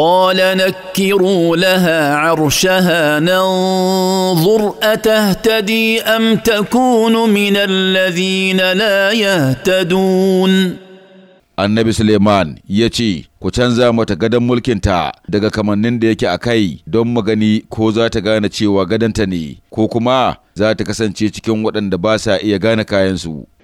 قال نكروا لها عرشها ننظر اتهتدي ام تكون من الذين لا يهتدون annabi Suleiman ya ce, Ku canza mata gadon mulkinta daga kamannin da yake a kai don magani ko za ta gane cewa gadonta ne, ko kuma za ta kasance cikin waɗanda ba sa iya gane kayansu.